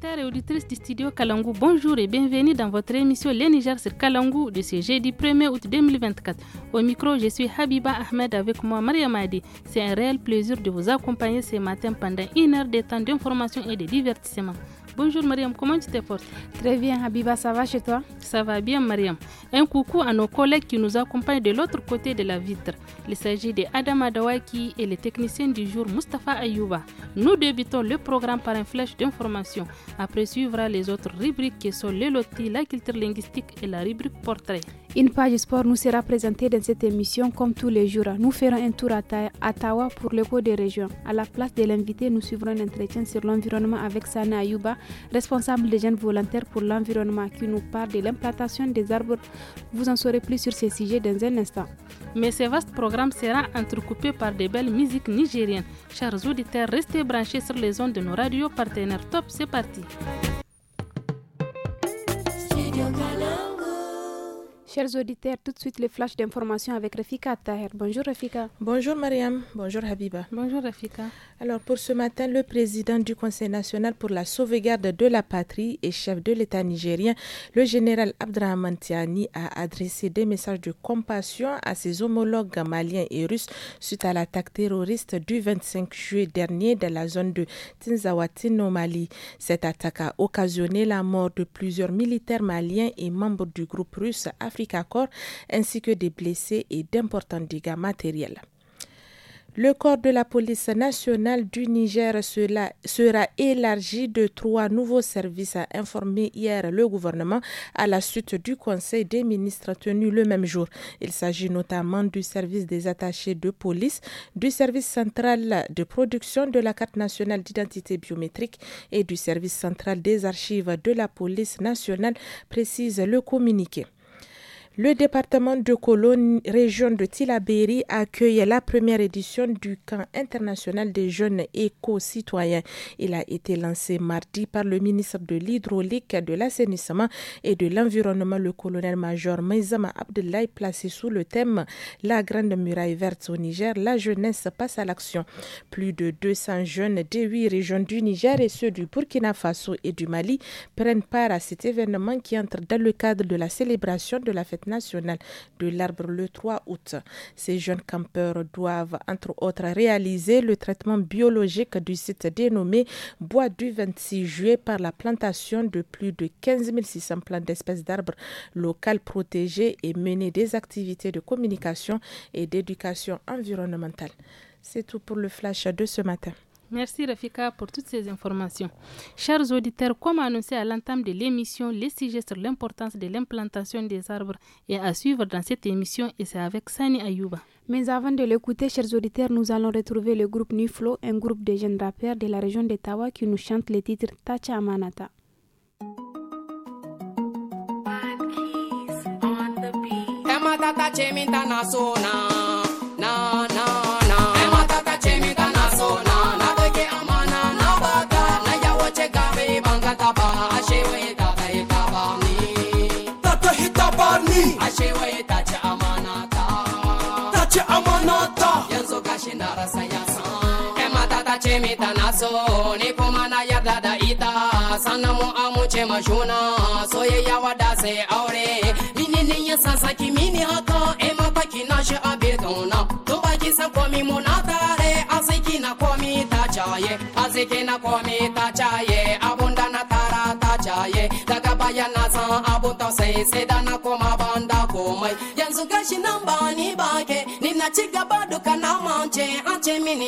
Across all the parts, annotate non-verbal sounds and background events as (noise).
auditeurs et auditrices du studio Kalangu, bonjour et bienvenue dans votre émission Les Niger sur Kalangu de ce jeudi 1er août 2024. Au micro, je suis Habiba Ahmed avec moi, Maria Mahdi. C'est un réel plaisir de vous accompagner ce matin pendant une heure de temps d'information et de divertissement. Bonjour Mariam, comment tu te portes Très bien Habiba, ça va chez toi Ça va bien Mariam. Un coucou à nos collègues qui nous accompagnent de l'autre côté de la vitre. Il s'agit de Adam Adawaki et le technicien du jour Mustapha Ayouba. Nous débutons le programme par une flèche d'information. Après suivra les autres rubriques qui sont le la culture linguistique et la rubrique portrait. Une page sport nous sera présentée dans cette émission comme tous les jours. Nous ferons un tour à Tawa pour le cours des régions. À la place de l'invité, nous suivrons un entretien sur l'environnement avec Sana Ayouba responsable des jeunes volontaires pour l'environnement, qui nous parle de l'implantation des arbres. Vous en saurez plus sur ces sujets dans un instant. Mais ce vaste programme sera entrecoupé par des belles musiques nigériennes. Chers auditeurs, restez branchés sur les ondes de nos radios partenaires. Top, c'est parti. Chers auditeurs, tout de suite les flashs d'information avec Rafika Taher. Bonjour Rafika. Bonjour Mariam. Bonjour Habiba. Bonjour Rafika. Alors pour ce matin, le président du Conseil national pour la sauvegarde de la patrie et chef de l'État nigérien, le général Abdrahman Tiani, a adressé des messages de compassion à ses homologues maliens et russes suite à l'attaque terroriste du 25 juillet dernier dans la zone de Tinzawatin au Mali. Cette attaque a occasionné la mort de plusieurs militaires maliens et membres du groupe russe africain corps ainsi que des blessés et d'importants dégâts matériels. Le corps de la police nationale du Niger sera élargi de trois nouveaux services, a informé hier le gouvernement à la suite du Conseil des ministres tenu le même jour. Il s'agit notamment du service des attachés de police, du service central de production de la carte nationale d'identité biométrique et du service central des archives de la police nationale, précise le communiqué. Le département de Cologne, région de Tilabéry, accueille la première édition du camp international des jeunes éco-citoyens. Il a été lancé mardi par le ministre de l'Hydraulique, de l'Assainissement et de l'Environnement, le colonel-major Maizama Abdellah, placé sous le thème La Grande Muraille Verte au Niger, la jeunesse passe à l'action. Plus de 200 jeunes des huit régions du Niger et ceux du Burkina Faso et du Mali prennent part à cet événement qui entre dans le cadre de la célébration de la fête National nationale de l'arbre le 3 août. Ces jeunes campeurs doivent, entre autres, réaliser le traitement biologique du site dénommé Bois du 26 juillet par la plantation de plus de 15 600 plants d'espèces d'arbres locales protégées et mener des activités de communication et d'éducation environnementale. C'est tout pour le flash de ce matin. Merci Rafika pour toutes ces informations. Chers auditeurs, comme annoncé à l'entame de l'émission, les sujets sur l'importance de l'implantation des arbres est à suivre dans cette émission et c'est avec Sani Ayuba. Mais avant de l'écouter, chers auditeurs, nous allons retrouver le groupe Nuflo, un groupe de jeunes rappeurs de la région Tawa qui nous chante le titre Tacha Amanata. mita naso ni kuma na yarda da ita sannan mu amince ma juna soyayya wada sai aure mini ya san saki mini haka e ma baki na shi abin kauna to baki san komi mu na tare asiki na komi ta caye asiki na komi ta caye abun na tara ta caye daga baya na san abun se sai da na koma banda komai yanzu gashi nan ba ni ba ke ni na ci gaba duka na elle était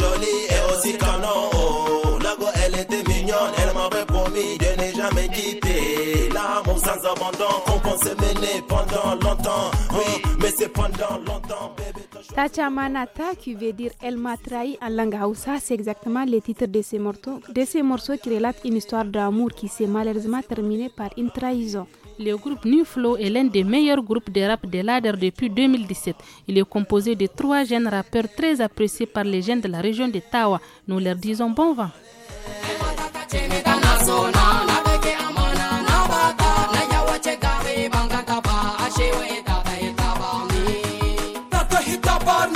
jolie et aussi canon oh go, elle était mignonne elle m'avait promis de ne jamais quitter l'amour sans abandon qu'on mener Tachamanata longtemps, hein. Tacha qui veut dire Elle m'a trahi en langue Hausa, c'est exactement le titre de ces morceaux, de ces morceaux qui relatent une histoire d'amour qui s'est malheureusement terminée par une trahison. Le groupe New Flow est l'un des meilleurs groupes de rap de l'ADER depuis 2017. Il est composé de trois jeunes rappeurs très appréciés par les jeunes de la région de Tawa. Nous leur disons bon vent.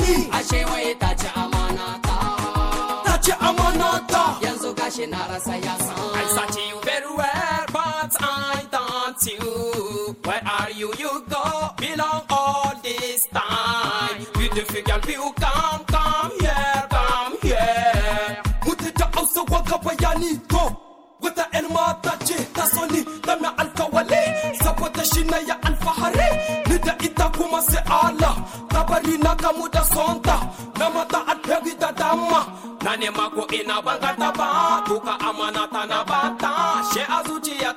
yi ashe waye ta ci amana ta ta ci amana ta yanzu gashi na rasa ya san I search you very well but I don't you where are you you go belong all this time beautiful girl you muda sonta namata atpegita ina banga taba tuka amanata na bata she ni ya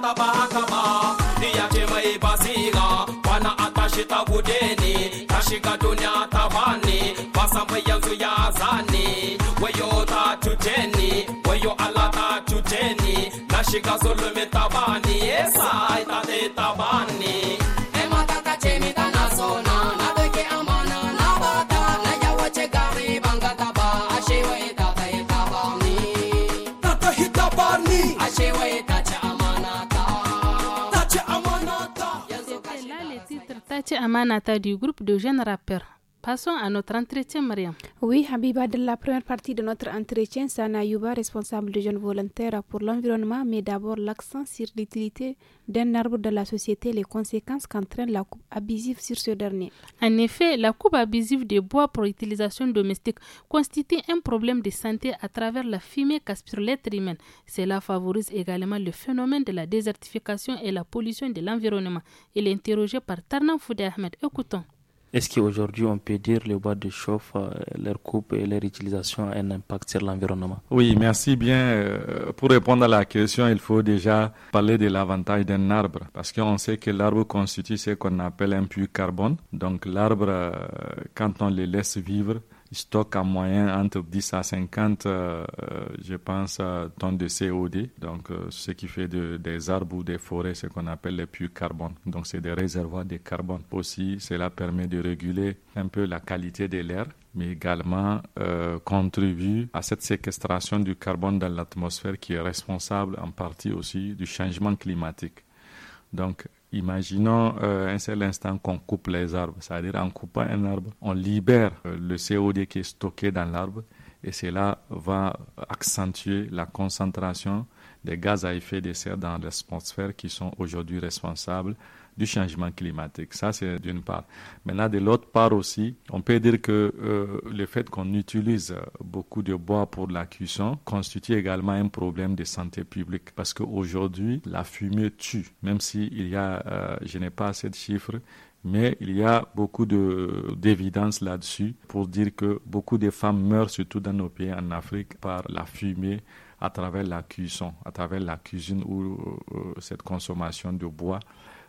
niyachema ibasiga wana atashi tabudeni tashika dunia tabani basamba yanzu ya zani weyo tatuteni weyo ala tatuteni nashika zulume tabani esa C'est amana du groupe de jeunes rappeurs Passons à notre entretien, Mariam. Oui, Habiba, de la première partie de notre entretien, Sana Yuba, responsable de jeunes volontaires pour l'environnement, met d'abord l'accent sur l'utilité d'un arbre de la société et les conséquences qu'entraîne la coupe abusive sur ce dernier. En effet, la coupe abusive des bois pour utilisation domestique constitue un problème de santé à travers la fumée qui sur l'être humain. Cela favorise également le phénomène de la désertification et la pollution de l'environnement. Il est interrogé par Tarnan Foudé Ahmed. Écoutons. Est-ce qu'aujourd'hui, on peut dire les boîtes de chauffe, euh, leur coupe et leur utilisation a un impact sur l'environnement Oui, merci bien. Euh, pour répondre à la question, il faut déjà parler de l'avantage d'un arbre, parce qu'on sait que l'arbre constitue ce qu'on appelle un puits carbone. Donc l'arbre, euh, quand on le laisse vivre, stock en moyenne entre 10 à 50, euh, euh, je pense, euh, tonnes de COD. Donc, ce qui fait des arbres ou des forêts ce qu'on appelle les puits carbone. Donc, c'est des réservoirs de carbone. Aussi, cela permet de réguler un peu la qualité de l'air mais également contribue à cette séquestration du carbone dans l'atmosphère qui est responsable en partie aussi du changement climatique. Donc, Imaginons euh, un seul instant qu'on coupe les arbres, c'est-à-dire en coupant un arbre, on libère euh, le CO2 qui est stocké dans l'arbre et cela va accentuer la concentration des gaz à effet de serre dans l'atmosphère qui sont aujourd'hui responsables du changement climatique. Ça, c'est d'une part. là de l'autre part aussi, on peut dire que euh, le fait qu'on utilise euh, beaucoup de bois pour la cuisson constitue également un problème de santé publique parce qu'aujourd'hui, la fumée tue, même s'il y a, euh, je n'ai pas assez de chiffres, mais il y a beaucoup d'évidence là-dessus pour dire que beaucoup de femmes meurent, surtout dans nos pays en Afrique, par la fumée à travers la cuisson, à travers la cuisine ou cette consommation de bois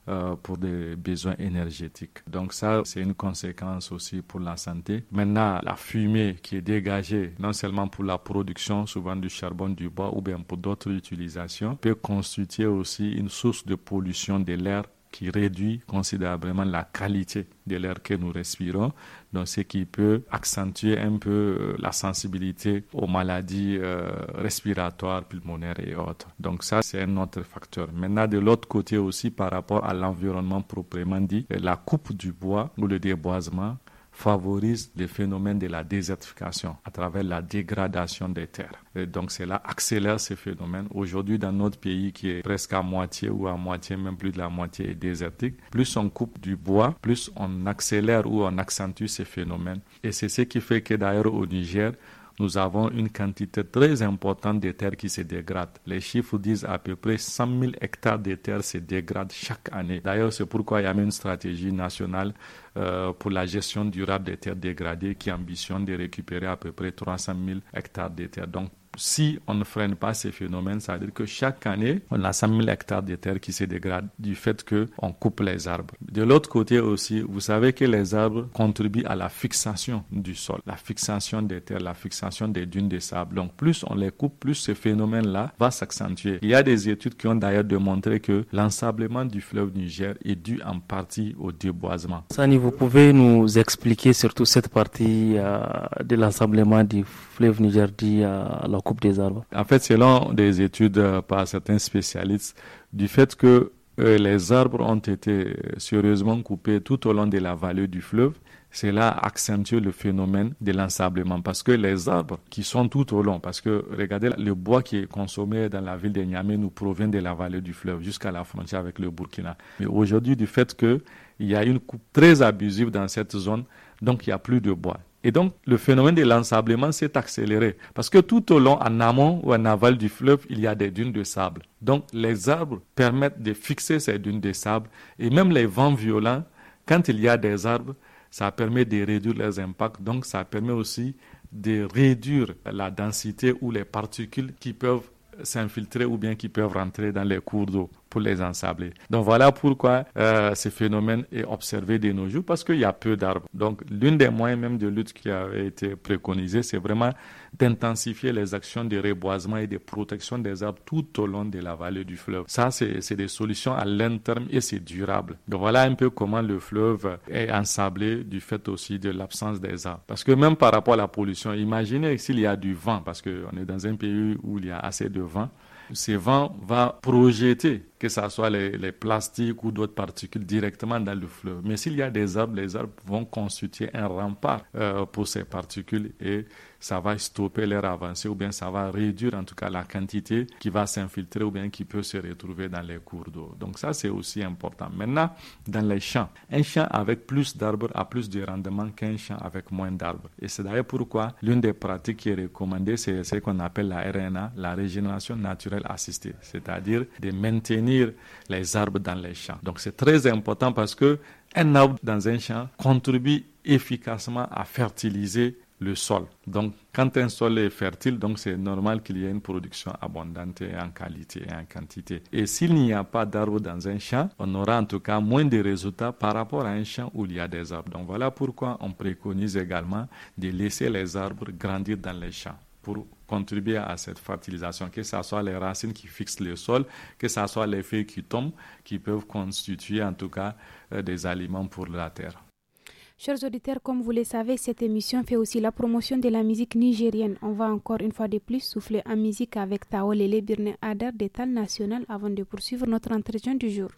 euh, pour des besoins énergétiques. Donc ça, c'est une conséquence aussi pour la santé. Maintenant, la fumée qui est dégagée, non seulement pour la production souvent du charbon du bois ou bien pour d'autres utilisations, peut constituer aussi une source de pollution de l'air qui réduit considérablement la qualité de l'air que nous respirons, donc ce qui peut accentuer un peu euh, la sensibilité aux maladies euh, respiratoires, pulmonaires et autres. Donc ça, c'est un autre facteur. Maintenant, de l'autre côté aussi, par rapport à l'environnement proprement dit, euh, la coupe du bois ou le déboisement favorise le phénomène de la désertification à travers la dégradation des terres. Et donc cela accélère ces phénomènes. Aujourd'hui, dans notre pays qui est presque à moitié ou à moitié, même plus de la moitié est désertique, plus on coupe du bois, plus on accélère ou on accentue ces phénomènes. Et c'est ce qui fait que d'ailleurs au Niger, nous avons une quantité très importante de terres qui se dégradent. Les chiffres disent à peu près 100 000 hectares de terres se dégradent chaque année. D'ailleurs, c'est pourquoi il y a une stratégie nationale euh, pour la gestion durable des terres dégradées qui ambitionne de récupérer à peu près 300 000 hectares de terres. Donc, si on ne freine pas ces phénomènes, ça veut dire que chaque année, on a 000 hectares de terre qui se dégradent du fait qu'on coupe les arbres. De l'autre côté aussi, vous savez que les arbres contribuent à la fixation du sol, la fixation des terres, la fixation des dunes de sable. Donc plus on les coupe, plus ce phénomène-là va s'accentuer. Il y a des études qui ont d'ailleurs démontré que l'ensablement du fleuve Niger est dû en partie au déboisement. Sani, vous pouvez nous expliquer surtout cette partie euh, de l'ensablement du fleuve Niger dit euh, à la coupe des arbres En fait, selon des études euh, par certains spécialistes, du fait que euh, les arbres ont été euh, sérieusement coupés tout au long de la vallée du fleuve, cela accentue le phénomène de l'ensablement parce que les arbres qui sont tout au long, parce que regardez, le bois qui est consommé dans la ville de Niamey nous provient de la vallée du fleuve jusqu'à la frontière avec le Burkina. Mais aujourd'hui, du fait qu'il y a une coupe très abusive dans cette zone, donc il n'y a plus de bois. Et donc, le phénomène de l'ensablement s'est accéléré parce que tout au long, en amont ou en aval du fleuve, il y a des dunes de sable. Donc, les arbres permettent de fixer ces dunes de sable et même les vents violents, quand il y a des arbres, ça permet de réduire les impacts. Donc, ça permet aussi de réduire la densité ou les particules qui peuvent s'infiltrer ou bien qui peuvent rentrer dans les cours d'eau pour les ensabler. Donc voilà pourquoi euh, ce phénomène est observé de nos jours parce qu'il y a peu d'arbres. Donc l'une des moyens même de lutte qui avait été préconisée, c'est vraiment d'intensifier les actions de reboisement et de protection des arbres tout au long de la vallée du fleuve. Ça, c'est des solutions à long terme et c'est durable. Donc voilà un peu comment le fleuve est ensablé du fait aussi de l'absence des arbres. Parce que même par rapport à la pollution, imaginez s'il y a du vent, parce qu'on est dans un pays où il y a assez de vent, ce vent va projeter que ce soit les, plastiques ou d'autres particules directement dans le fleuve. Mais s'il y a des arbres, les arbres vont constituer un rempart euh, pour ces particules et ça va stopper leur avancée ou bien ça va réduire en tout cas la quantité qui va s'infiltrer ou bien qui peut se retrouver dans les cours d'eau. Donc ça c'est aussi important. Maintenant, dans les champs, un champ avec plus d'arbres a plus de rendement qu'un champ avec moins d'arbres. Et c'est d'ailleurs pourquoi l'une des pratiques qui est recommandée, c'est ce qu'on appelle la RNA, la régénération naturelle assistée, c'est-à-dire de maintenir les arbres dans les champs. Donc c'est très important parce que un arbre dans un champ contribue efficacement à fertiliser le sol. Donc, quand un sol est fertile, donc c'est normal qu'il y ait une production abondante en qualité et en quantité. Et s'il n'y a pas d'arbres dans un champ, on aura en tout cas moins de résultats par rapport à un champ où il y a des arbres. Donc voilà pourquoi on préconise également de laisser les arbres grandir dans les champs pour contribuer à cette fertilisation, que ce soit les racines qui fixent le sol, que ce soit les feuilles qui tombent, qui peuvent constituer en tout cas euh, des aliments pour la terre. Chers auditeurs, comme vous le savez, cette émission fait aussi la promotion de la musique nigérienne. On va encore une fois de plus souffler en musique avec Taolele Birne Adar d'État national avant de poursuivre notre entretien du jour.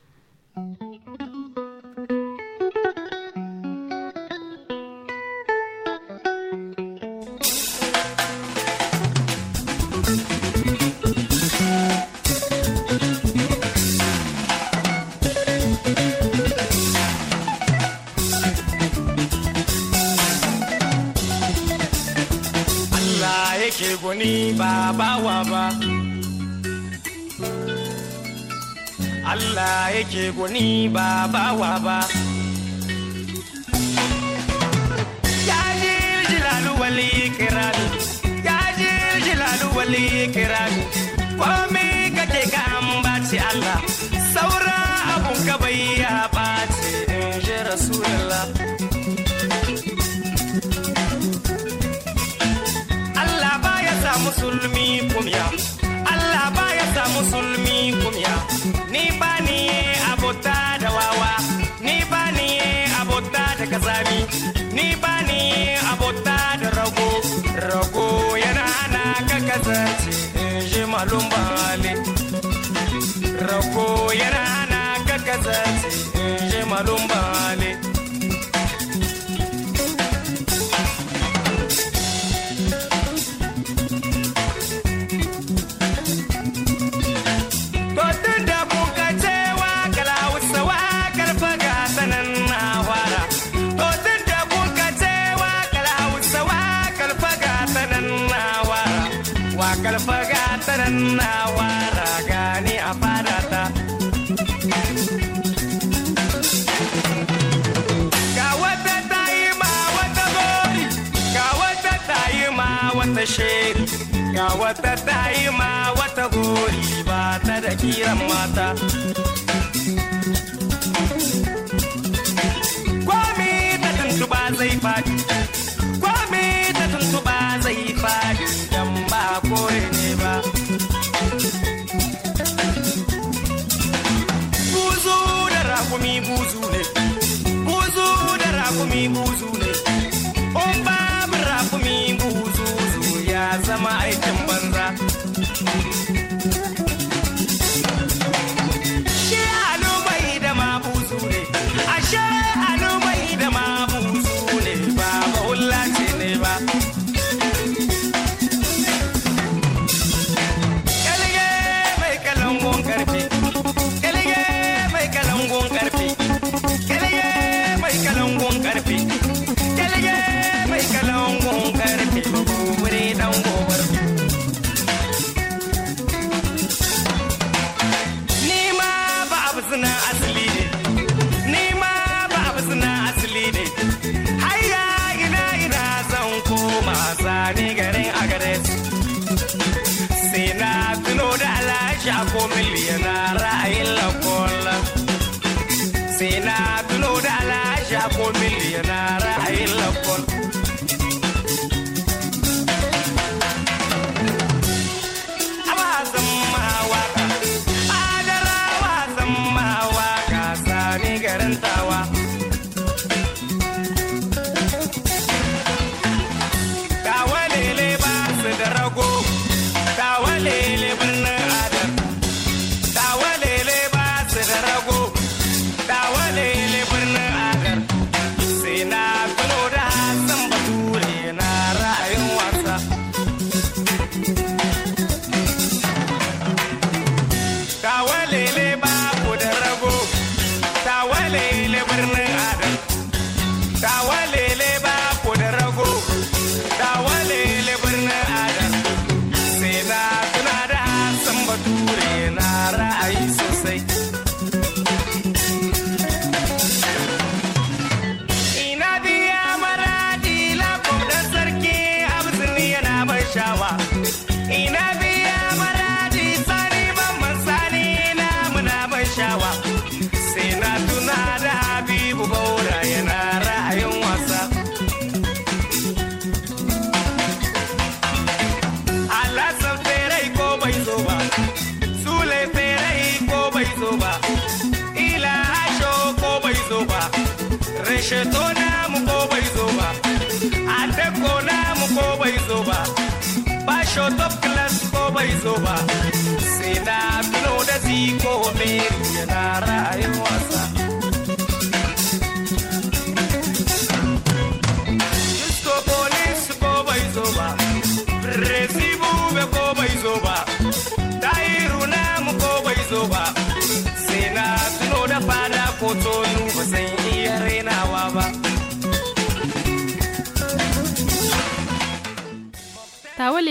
yake gwani ba bawa ba jilalu wali kirani yajil jilalu wali kirani wami.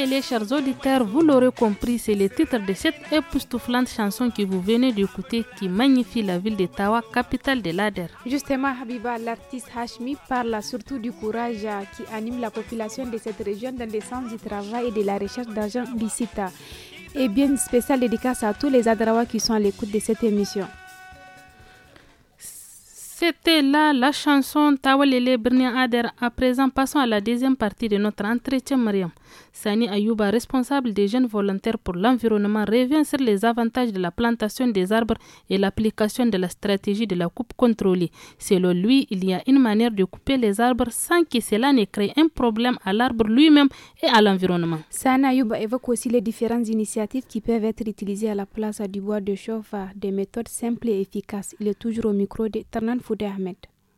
les chers auditeurs, vous l'aurez compris, c'est le titre de cette époustouflante chanson que vous venez d'écouter qui magnifie la ville de Tawa, capitale de l'Ader. Justement, Habiba, l'artiste Hashmi parle surtout du courage qui anime la population de cette région dans le sens du travail et de la recherche d'argent licite. Et bien spécial dédicace à tous les Adrawa qui sont à l'écoute de cette émission. C'était là la chanson Tawa Tawalele Bernier Ader. À présent, passons à la deuxième partie de notre entretien, Mariam. Sani Ayouba, responsable des jeunes volontaires pour l'environnement, revient sur les avantages de la plantation des arbres et l'application de la stratégie de la coupe contrôlée. Selon lui, il y a une manière de couper les arbres sans que cela ne crée un problème à l'arbre lui-même et à l'environnement. Sani Ayouba évoque aussi les différentes initiatives qui peuvent être utilisées à la place du bois de chauffe, des méthodes simples et efficaces. Il est toujours au micro de Ternan Foudé Ahmed.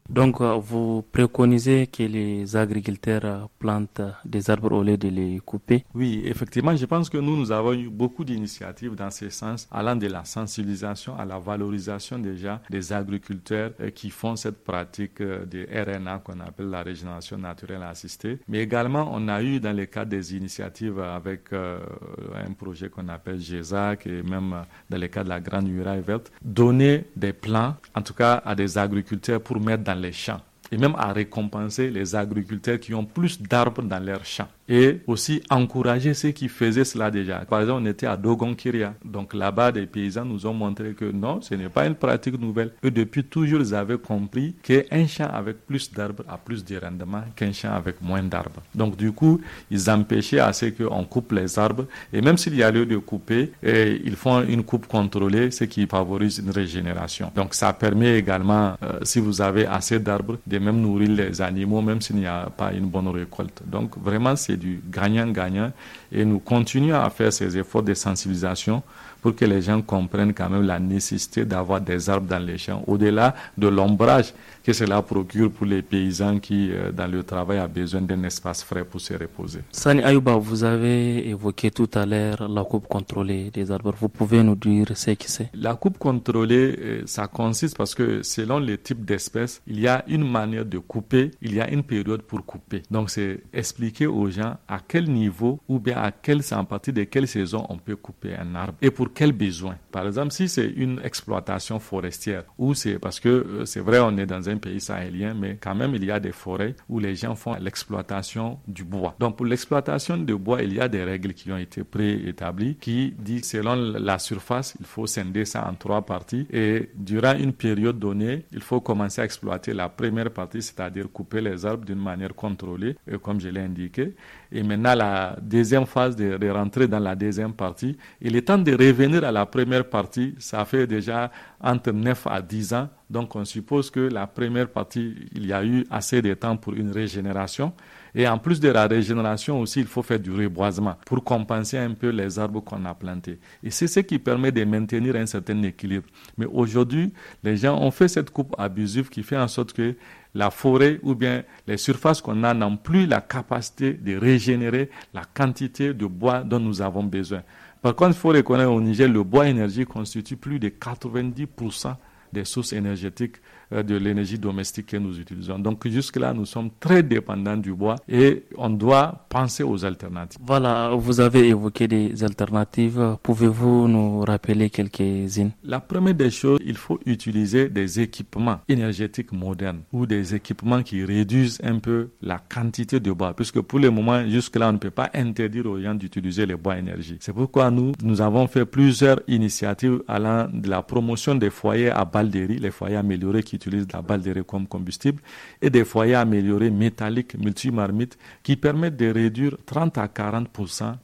Donc, euh, vous préconisez que les agriculteurs plantent des arbres au lieu de les couper Oui, effectivement, je pense que nous, nous avons eu beaucoup d'initiatives dans ce sens, allant de la sensibilisation à la valorisation déjà des agriculteurs euh, qui font cette pratique euh, de RNA qu'on appelle la régénération naturelle assistée. Mais également, on a eu dans le cadre des initiatives avec un projet qu'on appelle GESAC et même dans le cadre de la Grande Muraille Verte, donner des plans, en tout cas à des agriculteurs pour mettre dans les champs et même à récompenser les agriculteurs qui ont plus d'arbres dans leurs champs et aussi encourager ceux qui faisaient cela déjà. Par exemple, on était à Dogonkiria. Donc là-bas, des paysans nous ont montré que non, ce n'est pas une pratique nouvelle. Et depuis toujours, ils avaient compris qu'un champ avec plus d'arbres a plus de rendement qu'un champ avec moins d'arbres. Donc du coup, ils empêchaient à ce qu'on coupe les arbres. Et même s'il y a lieu de couper, eh, ils font une coupe contrôlée, ce qui favorise une régénération. Donc ça permet également, euh, si vous avez assez d'arbres, de même nourrir les animaux, même s'il n'y a pas une bonne récolte. Donc vraiment, c'est du gagnant-gagnant. Et nous continuons à faire ces efforts de sensibilisation pour que les gens comprennent quand même la nécessité d'avoir des arbres dans les champs, au-delà de l'ombrage que cela procure pour les paysans qui, euh, dans le travail, ont besoin d'un espace frais pour se reposer. Sani Ayouba, vous avez évoqué tout à l'heure la coupe contrôlée des arbres. Vous pouvez nous dire ce que c'est La coupe contrôlée, euh, ça consiste parce que selon les types d'espèces, il y a une manière de couper, il y a une période pour couper. Donc c'est expliquer aux gens à quel niveau ou bien à quelle, en partie de quelle saison on peut couper un arbre et pour quel besoin. Par exemple, si c'est une exploitation forestière ou c'est parce que euh, c'est vrai, on est dans un pays sahéliens, mais quand même, il y a des forêts où les gens font l'exploitation du bois. Donc, pour l'exploitation du bois, il y a des règles qui ont été préétablies qui disent, selon la surface, il faut scinder ça en trois parties et durant une période donnée, il faut commencer à exploiter la première partie, c'est-à-dire couper les arbres d'une manière contrôlée, comme je l'ai indiqué. Et maintenant, la deuxième phase de, rentrer dans la deuxième partie. il est temps de revenir à la première partie, ça fait déjà entre 9 à 10 ans. Donc, on suppose que la première partie, il y a eu assez de temps pour une régénération. Et en plus de la régénération aussi, il faut faire du reboisement pour compenser un peu les arbres qu'on a plantés. Et c'est ce qui permet de maintenir un certain équilibre. Mais aujourd'hui, les gens ont fait cette coupe abusive qui fait en sorte que la forêt ou bien les surfaces qu'on a n'ont plus la capacité de régénérer la quantité de bois dont nous avons besoin. Par contre, il faut reconnaître au Niger, le bois énergie constitue plus de 90% des sources énergétiques euh, de l'énergie domestique que nous utilisons. Donc jusque-là, nous sommes très dépendants du bois et on doit penser aux alternatives. Voilà, vous avez évoqué des alternatives. Pouvez-vous nous rappeler quelques-unes La première des choses, il faut utiliser des équipements énergétiques modernes ou des équipements qui réduisent un peu la quantité de bois, puisque pour le moment, jusque-là, on ne peut pas interdire aux gens d'utiliser les bois énergie. C'est pourquoi nous, nous avons fait plusieurs initiatives allant de la promotion des foyers à Baldéry, les foyers améliorés qui utilisent la balle de riz comme combustible et des foyers améliorés métalliques multimarmites qui permettent de réduire 30 à 40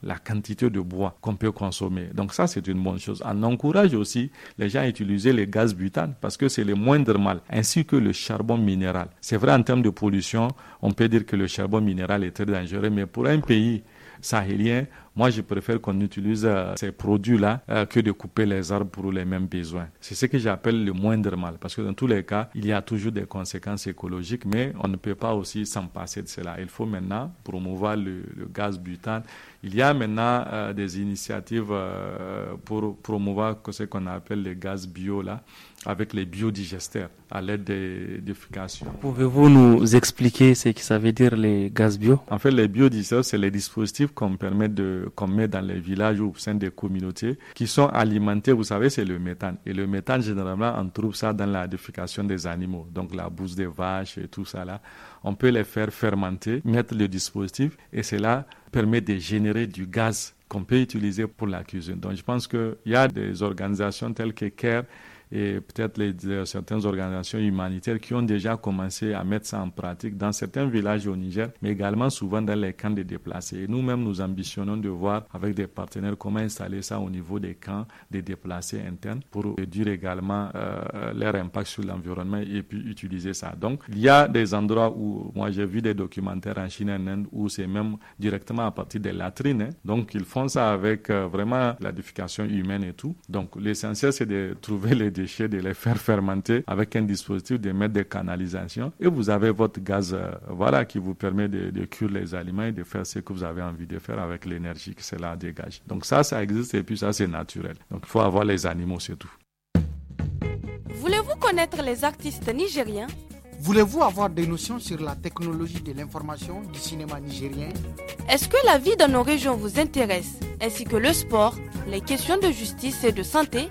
la quantité de bois qu'on peut consommer. Donc ça, c'est une bonne chose. On encourage aussi les gens à utiliser les gaz butane parce que c'est le moindre mal, ainsi que le charbon minéral. C'est vrai en termes de pollution, on peut dire que le charbon minéral est très dangereux, mais pour un pays moi je préfère qu'on utilise euh, ces produits-là euh, que de couper les arbres pour les mêmes besoins. C'est ce que j'appelle le moindre mal, parce que dans tous les cas, il y a toujours des conséquences écologiques, mais on ne peut pas aussi s'en passer de cela. Il faut maintenant promouvoir le, gaz butane. Il y a maintenant euh, des initiatives pour promouvoir ce qu'on appelle le gaz bio là avec les biodigesteurs à l'aide des, des Pouvez-vous nous expliquer ce que ça veut dire les gaz bio En fait, les biodigesteurs, c'est les dispositifs qu'on permet de qu'on met dans les villages ou au sein des communautés qui sont alimentés, vous savez, c'est le méthane. Et le méthane, généralement, on trouve ça dans la défécation des animaux, donc la bouse des vaches et tout ça là. On peut les faire fermenter, mettre le dispositif et cela permet de générer du gaz qu'on peut utiliser pour la cuisine. Donc je pense qu'il y a des organisations telles que CARE et peut-être les, certaines organisations humanitaires qui ont déjà commencé à mettre ça en pratique dans certains villages au Niger, mais également souvent dans les camps de déplacés. Et nous-mêmes, nous ambitionnons de voir avec des partenaires comment installer ça au niveau des camps des déplacés internes pour réduire également euh, leur impact sur l'environnement et puis utiliser ça. Donc, il y a des endroits où, moi j'ai vu des documentaires en Chine et en Inde où c'est même directement à partir des latrines. Hein. Donc, ils font ça avec euh, vraiment la défécation humaine et tout. Donc, l'essentiel, c'est de trouver les de les faire fermenter avec un dispositif de mettre des canalisations. Et vous avez votre gaz, euh, voilà, qui vous permet de, de, cuire les aliments et de faire ce que vous avez envie de faire avec l'énergie que cela dégage. Donc ça, ça existe et puis ça, c'est naturel. Donc il faut avoir les animaux, c'est tout. Voulez-vous connaître les artistes nigériens Voulez-vous avoir des notions sur la technologie de l'information du cinéma nigérien Est-ce que la vie dans nos régions vous intéresse, ainsi que le sport, les questions de justice et de santé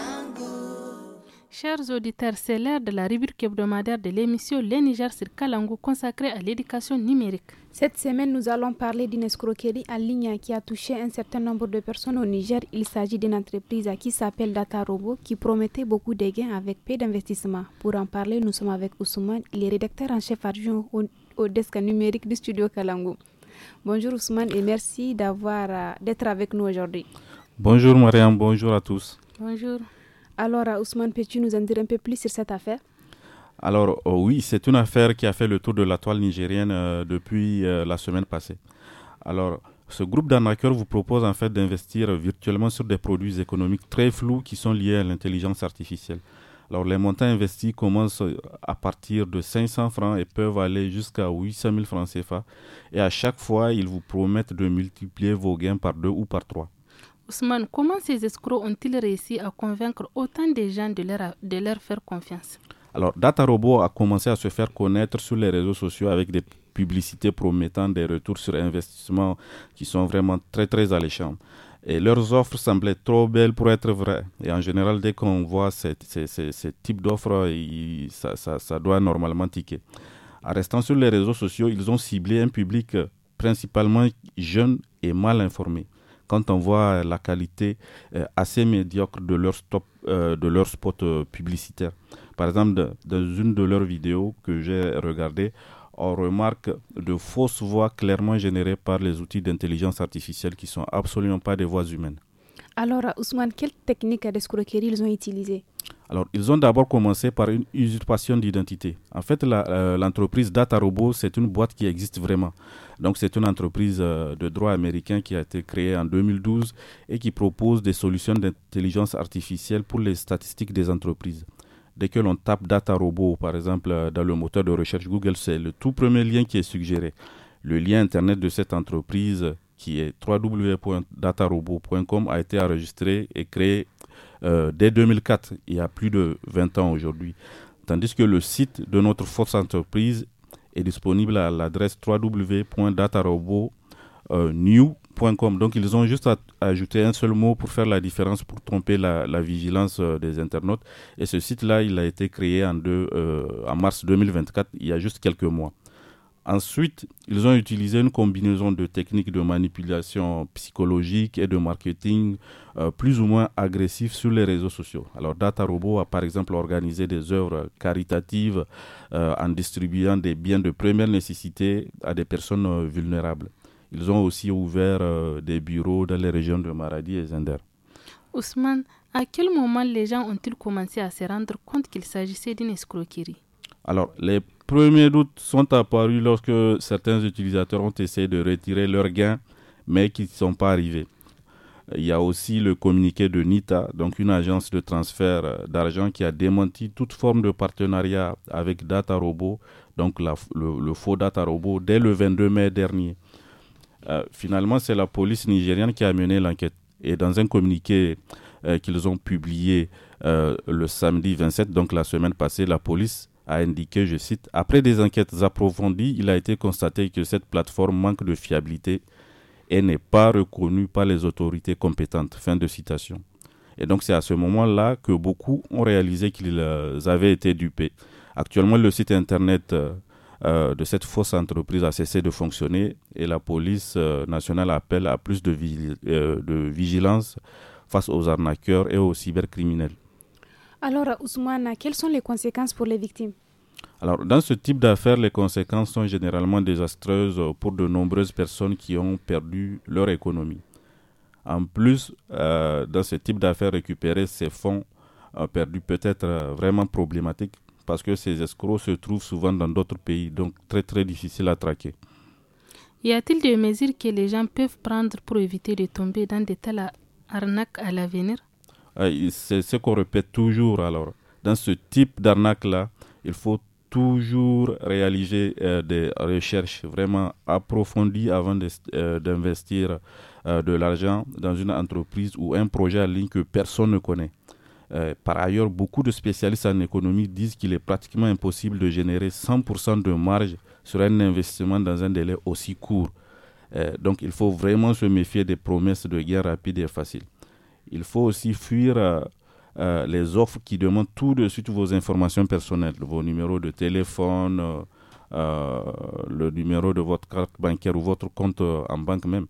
chers auditeurs, c'est l'heure de la rubrique hebdomadaire de l'émission Les Niger sur Kalango consacrée à l'éducation numérique. Cette semaine, nous allons parler d'une escroquerie en ligne qui a touché un certain nombre de personnes au Niger. Il s'agit d'une entreprise qui s'appelle Data Robo qui promettait beaucoup de gains avec peu d'investissement. Pour en parler, nous sommes avec Ousmane, il est rédacteur en chef adjoint au, desk numérique du studio Kalango. Bonjour Ousmane et merci d'avoir euh, d'être avec nous aujourd'hui. Bonjour Mariam, bonjour à tous. Bonjour. Alors, euh, Ousmane, peux-tu nous en dire un peu plus sur cette affaire alors euh, oui, c'est une affaire qui a fait le tour de la toile nigérienne euh, depuis la semaine passée. Alors ce groupe d'arnaqueurs vous propose en fait d'investir virtuellement sur des produits économiques très flous qui sont liés à l'intelligence artificielle. Alors les montants investis commencent à partir de 500 francs et peuvent aller jusqu'à 800 000 francs CFA. Et à chaque fois, ils vous promettent de multiplier vos gains par deux ou par trois comment ces escrocs ont-ils réussi à convaincre autant de gens de leur, faire confiance Alors, DataRobot a commencé à se faire connaître sur les réseaux sociaux avec des publicités promettant des retours sur investissement qui sont vraiment très, très alléchants. Et leurs offres semblaient trop belles pour être vraies. Et en général, dès qu'on voit ce type d'offres, ça, doit normalement tiquer. En restant sur les réseaux sociaux, ils ont ciblé un public euh, principalement jeune et mal informé quand on voit la qualité euh, assez médiocre de leur, stop, euh, de spot euh, publicitaire. Par exemple, dans une de leurs vidéos que j'ai regardée, on remarque de fausses voix clairement générées par les outils d'intelligence artificielle qui ne sont absolument pas des voix humaines. Alors, Ousmane, quelle technique à ils ont utilisée alors, ils ont d'abord commencé par une usurpation d'identité. En fait, euh, l'entreprise data DataRobot, c'est une boîte qui existe vraiment. Donc, c'est une entreprise euh, de droit américain qui a été créée en 2012 et qui propose des solutions d'intelligence artificielle pour les statistiques des entreprises. Dès que l'on tape DataRobot, par exemple, euh, dans le moteur de recherche Google, c'est le tout premier lien qui est suggéré. Le lien Internet de cette entreprise qui est www.datarobot.com a été enregistré et créé euh, dès 2004, il y a plus de 20 ans aujourd'hui. Tandis que le site de notre force entreprise est disponible à l'adresse www.datarobotnew.com. Euh, Donc ils ont juste ajouté un seul mot pour faire la différence, pour tromper la, vigilance euh, des internautes. Et ce site-là, il a été créé en, en mars 2024, il y a juste quelques mois. Ensuite, ils ont utilisé une combinaison de techniques de manipulation psychologique et de marketing euh, plus ou moins agressif sur les réseaux sociaux. Alors, DataRobot a par exemple organisé des œuvres caritatives euh, en distribuant des biens de première nécessité à des personnes euh, vulnérables. Ils ont aussi ouvert des bureaux dans les régions de Maradi et Zender. Ousmane, à quel moment les gens ont-ils commencé à se rendre compte qu'il s'agissait d'une escroquerie Alors, les premiers doutes sont apparus lorsque certains utilisateurs ont essayé de retirer leurs gains, mais qui ne sont pas arrivés. Il y a aussi le communiqué de NITA, donc une agence de transfert d'argent qui a démenti toute forme de partenariat avec Data DataRobot, donc le, faux Data DataRobot, dès le 22 mai dernier. Euh, finalement, c'est la police nigériane qui a mené l'enquête. Et dans un communiqué euh, qu'ils ont publié euh, le samedi 27, donc la semaine passée, la police a indiqué, je cite, Après des enquêtes approfondies, il a été constaté que cette plateforme manque de fiabilité et n'est pas reconnue par les autorités compétentes. Fin de citation. Et donc c'est à ce moment-là que beaucoup ont réalisé qu'ils euh, avaient été dupés. Actuellement, le site internet euh, euh, de cette fausse entreprise a cessé de fonctionner et la police nationale appelle à plus de, de vigilance face aux arnaqueurs et aux cybercriminels. Alors, Ousmane, quelles sont les conséquences pour les victimes alors, dans ce type d'affaires, les conséquences sont généralement désastreuses pour de nombreuses personnes qui ont perdu leur économie. En plus, euh, dans ce type d'affaires, récupérer ces fonds euh, perdus peut être euh, vraiment problématique parce que ces escrocs se trouvent souvent dans d'autres pays, donc très très difficile à traquer. Y a-t-il des mesures que les gens peuvent prendre pour éviter de tomber dans de telles arnaques à l'avenir C'est ce qu'on répète toujours. Alors, dans ce type d'arnaque-là, il faut toujours réaliser euh, des recherches vraiment approfondies avant euh, d'investir euh, de l'argent dans une entreprise ou un projet en ligne que personne ne connaît. par ailleurs, beaucoup de spécialistes en économie disent qu'il est pratiquement impossible de générer 100% de marge sur un investissement dans un délai aussi court. donc il faut vraiment se méfier des promesses de gains rapides et faciles. Il faut aussi fuir euh, les offres qui demandent tout de suite vos informations personnelles, vos numéros de téléphone, euh, euh, le numéro de votre carte bancaire ou votre compte en banque même.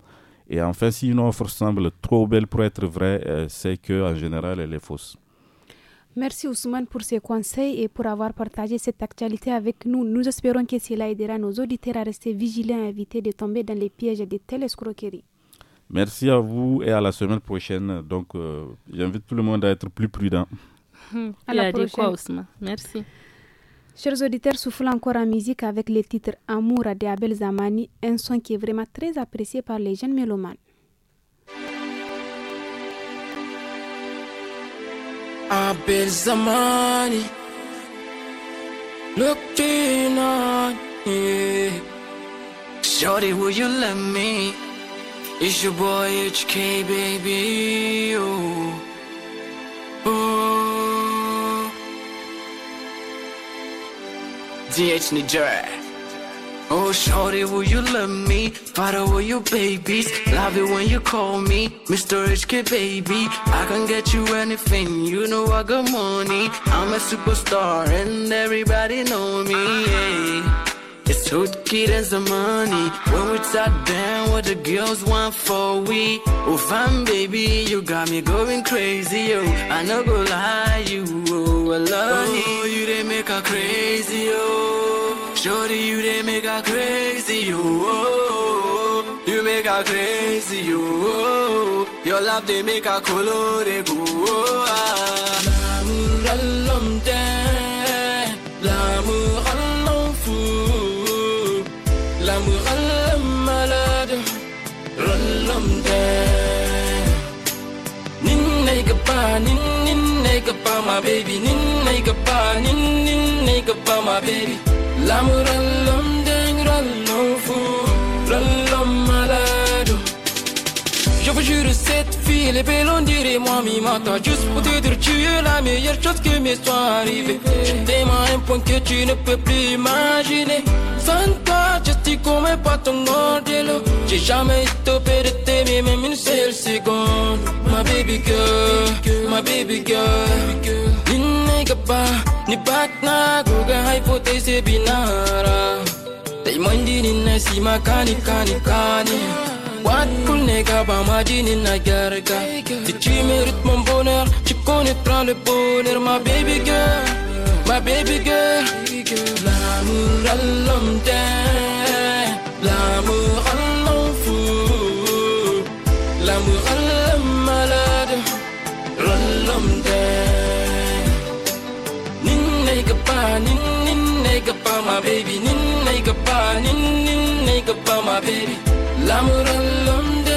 Et enfin, si une offre semble trop belle pour être vraie, c'est qu'en général, elle est fausse. Merci Ousmane pour ces conseils et pour avoir partagé cette actualité avec nous. Nous espérons que cela aidera nos auditeurs à rester vigilants et éviter de tomber dans les pièges de telles escroqueries. Merci à vous et à la semaine prochaine. Donc, euh, j'invite tout le monde à être plus prudent. Hmm. à la prochaine. Merci. Chers auditeurs, souffle encore en musique avec le titre Amour à Diabel Zamani, un son qui est vraiment très apprécié par les jeunes mélomanes. Abel Zamani, looking on you. you me? It's your boy HK, baby. Ooh. Ooh. DH Niger. Oh, shorty, will you love me? Father, will you, babies? Love it when you call me Mr. HK, baby. I can get you anything, you know I got money. I'm a superstar and everybody know me. Yeah. Чутки and some money When we sat down what the girls want for we Oh fam, baby you got me going crazy yo I no go lie you oh I love you Oh you they make her crazy yo Shorty you they make her crazy yo oh, You make her crazy yo oh, Your love they make her color they go oh, ah. Le rend malade Rollomden Nin que pas nin nin que pa ma baby Nin que pas nin nin que pa ma baby L'amour rollomden, rollom fou Rollom malade Je vous jure cette fille, elle est belle on dirait moi mi mata Juste pour te dire tu es la meilleure chose que m'est soit arrivée Je t'aime à un point que tu ne peux plus imaginer 24 je ti come posso morderlo J'ai jamais stoppé de t'aimer même une seule seconde Ma baby girl, ma baby girl Ni ba, ni back na Guga hai fote se binara Tay mandini na si makani kani What Watkul nega ba madini na garga Si tu mérites mon bonheur, tu connaîtras le bonheur ma baby girl My baby girl L'amour à l'homme L'amour à l'homme fou L'amour à l'homme malade L'homme Nin nega pa, nin nin nega pa My baby, nin nega pa, nin nin nega pa My baby L'amour à l'homme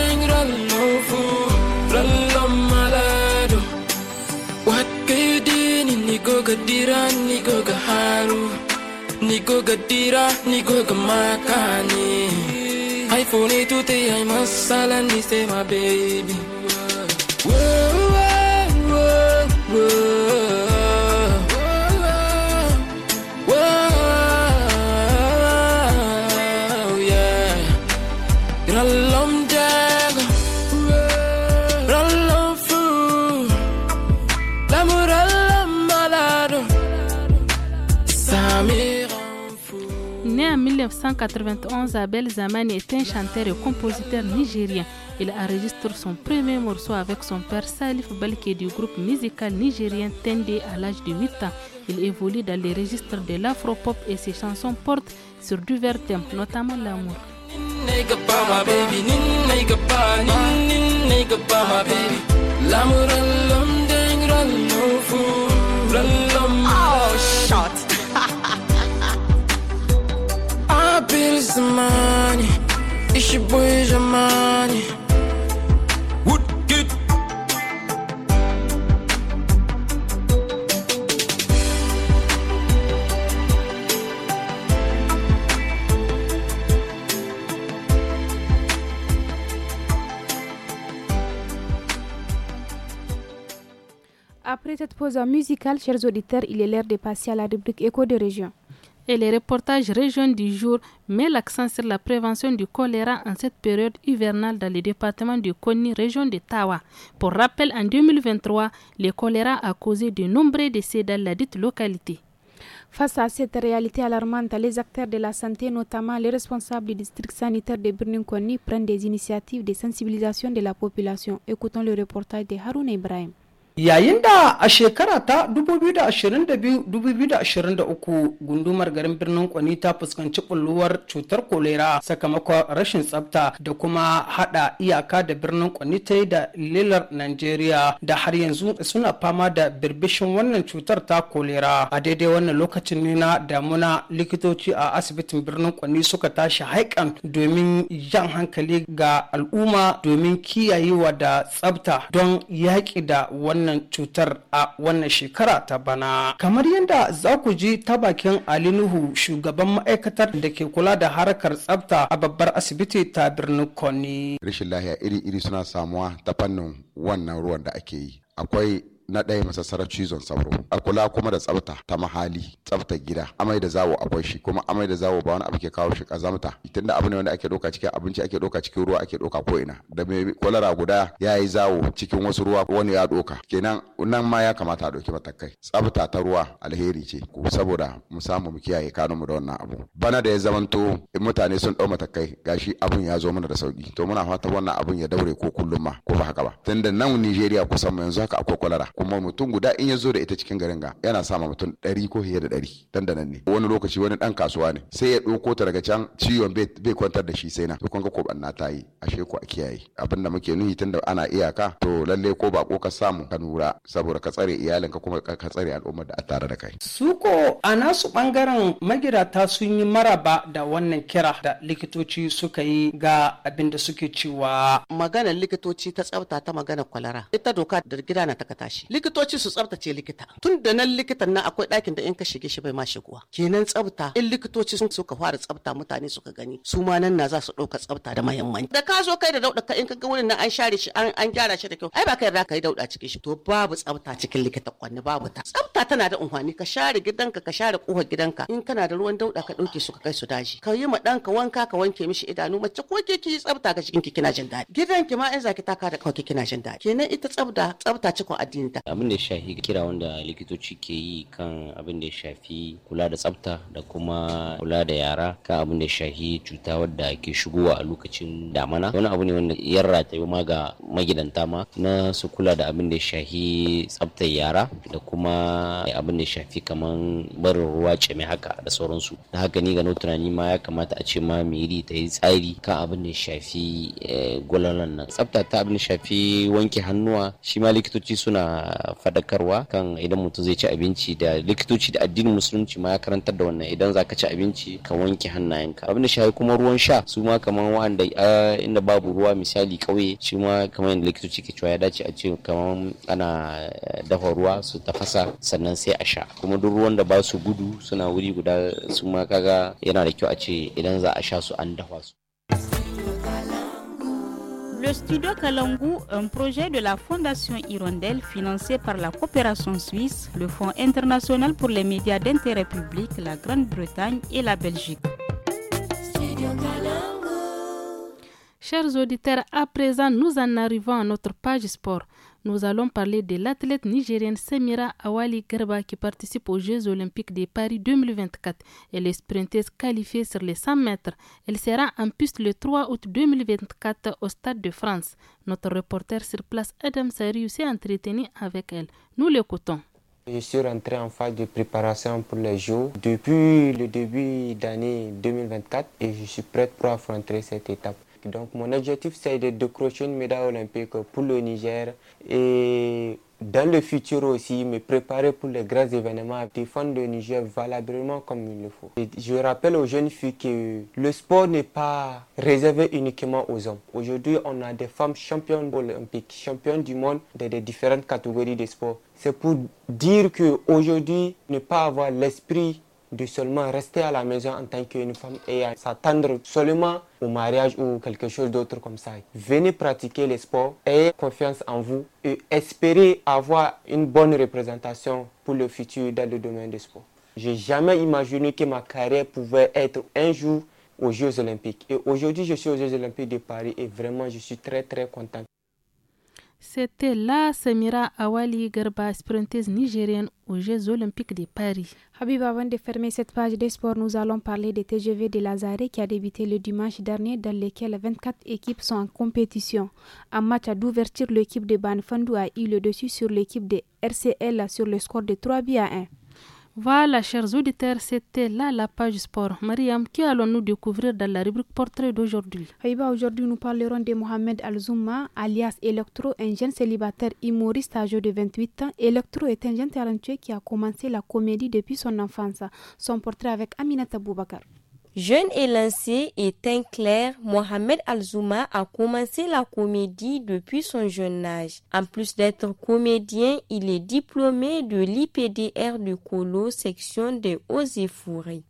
nigoga dira nigoga haru nigoga dira nigoga makani iphone tu I must salan this day, my baby whoa, whoa, whoa, whoa. Long day. 1991, Abel Zamani est un chanteur et compositeur nigérien. Il enregistre son premier morceau avec son père Salif Balke du groupe musical nigérien Tende à l'âge de 8 ans. Il évolue dans les registres de l'afro-pop et ses chansons portent sur divers thèmes, notamment l'amour. Oh, Après cette pause musicale, chers auditeurs, il est l'heure de passer à la rubrique Écho de région et les reportages région du jour met l'accent sur la prévention du choléra en cette période hivernale dans le département du Koni, région de Tawa. Pour rappel, en 2023, le choléra a causé de nombreux décès dans la dite localité. Face à cette réalité alarmante, les acteurs de la santé, notamment les responsables du district sanitaire de Koni, prennent des initiatives de sensibilisation de la population. Écoutons le reportage de Haroun Ibrahim. yayin da a shekara ta 2022-2023 gundumar garin birnin kwani ta fuskanci bulluwar cutar kolera sakamakon rashin tsabta da kuma hada iyaka da birnin kwani ta yi da lilar nigeria da har yanzu suna fama da birbishin wannan cutar ta kolera a daidai wannan lokacin ne na damuna likitoci a asibitin birnin kwani suka tashi haikan domin jan hankali ga al'umma domin kiyayewa da tsabta don yaƙi da wannan wannan cutar a wannan shekara ta bana kamar yadda za ku ji ta bakin ali nuhu shugaban ma'aikatar da ke kula da harkar tsafta a babbar asibiti ta birnin koni rashin lahiya iri-iri suna samuwa ta fannin wannan ruwan da ake yi akwai na ɗaya masassarar cizon sauro a kula kuma da tsafta ta mahali tsaftar gida amai da zawo akwai shi kuma amai da zawo ba wani abu ke kawo shi kazamta tunda abu ne wanda ake ɗauka cikin abinci ake ɗauka cikin ruwa ake ɗauka ko ina da mai kwalara guda ya yi zawo cikin wasu ruwa wani ya ɗauka kenan nan ma ya kamata a ɗauki matakai tsafta ta ruwa alheri ce saboda mu samu mu kiyaye mu da wannan abu bana da ya zamanto in mutane sun ɗau matakai gashi abun ya zo mana da sauki to muna fatan wannan abun ya daure ko kullum ma ko ba haka ba tunda nan Nigeria kusan yanzu haka akwai kwalara kuma mutum guda in ya zo da ita cikin garin ga yana sama mutum ɗari ko fiye da ɗari danan ne wani lokaci wani ɗan kasuwa ne sai ya ɗauko ta daga can ciwon bai kwantar da shi sai na to kun ga ko ɓanna ta yi ashe ku a kiyaye abin da muke nuhi tunda ana iyaka to lalle ko ba ko ka samu ka nura saboda ka tsare ka kuma ka tsare al'ummar da a tare da kai. suko a nasu bangaren magidata sun yi maraba da wannan kira da likitoci suka yi ga abin da suke cewa. maganar likitoci ta tsafta ta maganar kwalara ita doka da gida na ta tashi likitoci su tsaftace likita tun da nan likitan nan akwai ɗakin da in ka shige shi bai ma shiguwa kenan tsafta in likitoci sun suka fara tsafta mutane suka gani su ma nan na za su ɗauka tsafta da mahimmanci da ka zo kai da dauɗa ka in ka ga wurin nan an share shi an gyara shi da kyau ai ba kai da ka yi dauɗa cikin shi to babu tsafta cikin likita kwanne babu ta tsafta tana da amfani ka share gidanka ka share kofar gidanka in kana da ruwan dauɗa ka ɗauke su ka kai su daji ka yi ma ɗanka wanka ka wanke mishi idanu mace ko ke ki tsabta ka cikin ki kina jin daɗi gidanki ma in zaki taka da kawai kina jin daɗi kenan ita tsabta tsabta cikin addini ta abin da shafi kira wanda likitoci ke yi kan abin da shafi kula da tsafta da kuma kula da yara kan abin da shafi cuta wadda ke shigowa a lokacin damana wani abu ne wanda yan rataye ma ga magidanta ma na su kula da abin da shafi tsaftar yara da kuma abin da ya shafi kamar barin ruwa ceme haka da sauransu da haka ni gano tunani ma ya kamata a ce ma miri ta yi tsari kan abin da shafi eh, gwalalan nan tsafta ta abin da shafi wanke hannuwa shi ma likitoci suna fadakarwa kan idan mutum zai ci abinci da likitoci da addinin musulunci ma ya karantar da wannan idan zaka ci abinci ka wanke hannayenka abin da shayi kuma ruwan sha su ma kamar wanda inda babu ruwa misali kauye shi ma kamar yadda likitoci ke cewa ya dace a ce kamar ana eh, dafa ruwa su tafasa sannan sai a sha kuma duk ruwan da ba su gudu suna wuri guda su ma kaga yana da kyau a ce idan za a sha su an dafa su. Le studio Kalangu, un projet de la Fondation Hirondelle financé par la coopération suisse, le Fonds international pour les médias d'intérêt public, la Grande-Bretagne et la Belgique. Chers auditeurs, à présent, nous en arrivons à notre page sport. Nous allons parler de l'athlète nigérienne Semira Awali Gerba qui participe aux Jeux Olympiques de Paris 2024. Elle est sprinteuse qualifiée sur les 100 mètres. Elle sera en piste le 3 août 2024 au Stade de France. Notre reporter sur place Adam réussi s'est entretenu avec elle. Nous l'écoutons. Je suis rentré en phase de préparation pour les Jeux depuis le début d'année 2024 et je suis prête pour affronter cette étape. Donc mon objectif c'est de décrocher une médaille olympique pour le Niger et dans le futur aussi, me préparer pour les grands événements, défendre le Niger valablement comme il le faut. je rappelle aux jeunes filles que le sport n'est pas réservé uniquement aux hommes. Aujourd'hui, on a des femmes championnes olympiques, championnes du monde dans des différentes catégories de sport. C'est pour dire qu'aujourd'hui, ne pas avoir l'esprit de seulement rester à la maison en tant qu'une femme et à s'attendre seulement au mariage ou quelque chose d'autre comme ça. Venez pratiquer les sports, ayez confiance en vous et espérez avoir une bonne représentation pour le futur dans le domaine des sports. J'ai jamais imaginé que ma carrière pouvait être un jour aux Jeux Olympiques. Et aujourd'hui, je suis aux Jeux Olympiques de Paris et vraiment, je suis très très content. C'était la Samira Awali Gerba, sprinteuse nigérienne aux Jeux Olympiques de Paris. Habib, avant de fermer cette page des sports, nous allons parler des TGV de Lazare qui a débuté le dimanche dernier, dans lesquels 24 équipes sont en compétition. Un match d'ouverture, l'équipe de Banfandou a eu le dessus sur l'équipe de RCL sur le score de 3 buts à 1. Voilà, chers auditeurs, c'était là la page sport. Mariam, qui allons-nous découvrir dans la rubrique portrait d'aujourd'hui eh Aujourd'hui, nous parlerons de Mohamed Al-Zouma, alias Electro, un jeune célibataire humoriste âgé de 28 ans. Electro est un jeune talentueux qui a commencé la comédie depuis son enfance. Son portrait avec Aminata Boubakar. Jeune et lancé et teint clair, Mohamed Alzouma a commencé la comédie depuis son jeune âge. En plus d'être comédien, il est diplômé de l'IPDR du Colo, section des hauts et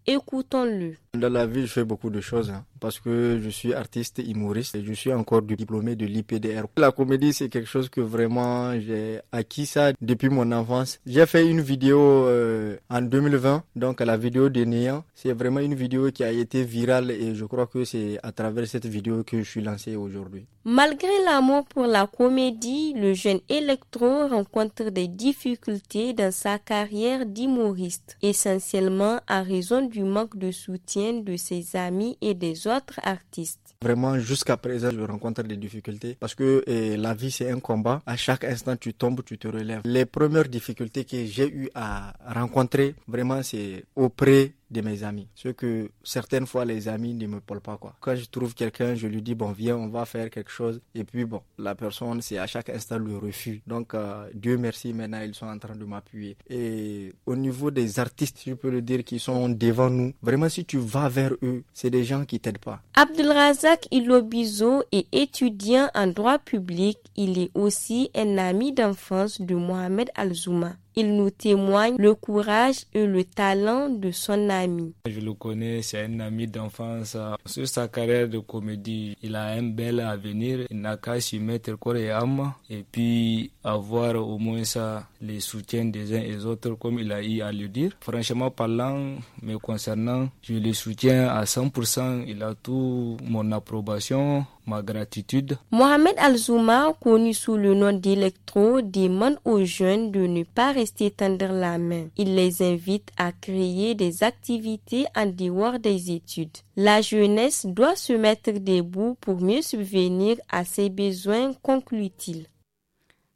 Écoutons-le. Dans la vie, je fais beaucoup de choses hein, parce que je suis artiste, humoriste et je suis encore diplômé de l'IPDR. La comédie, c'est quelque chose que vraiment j'ai acquis ça depuis mon enfance. J'ai fait une vidéo euh, en 2020, donc la vidéo des néants. C'est vraiment une vidéo qui a été virale et je crois que c'est à travers cette vidéo que je suis lancé aujourd'hui. Malgré l'amour pour la comédie, le jeune Electro rencontre des difficultés dans sa carrière d'humoriste, essentiellement à raison du manque de soutien de ses amis et des autres artistes. Vraiment, jusqu'à présent, je rencontre des difficultés parce que eh, la vie, c'est un combat. À chaque instant, tu tombes, tu te relèves. Les premières difficultés que j'ai eu à rencontrer, vraiment, c'est auprès mes amis. Ce que certaines fois les amis ne me parlent pas quoi. Quand je trouve quelqu'un, je lui dis bon viens, on va faire quelque chose et puis bon, la personne c'est à chaque instant le refus. Donc euh, Dieu merci maintenant ils sont en train de m'appuyer. Et au niveau des artistes, je peux le dire qui sont devant nous, vraiment si tu vas vers eux, c'est des gens qui t'aident pas. Abdelrazak Ilobizo est étudiant en droit public, il est aussi un ami d'enfance de Mohamed Alzouma. Il nous témoigne le courage et le talent de son ami. Je le connais, c'est un ami d'enfance. Sur sa carrière de comédie, il a un bel avenir. Il n'a qu'à s'y mettre corps et âme et puis avoir au moins ça, les soutiens des uns et des autres, comme il a eu à le dire. Franchement parlant, mais concernant, je le soutiens à 100%. Il a tout mon approbation ma gratitude. Mohamed Alzouma, connu sous le nom d'Electro, demande aux jeunes de ne pas rester tendre la main. Il les invite à créer des activités en dehors des études. La jeunesse doit se mettre debout pour mieux subvenir à ses besoins, conclut-il.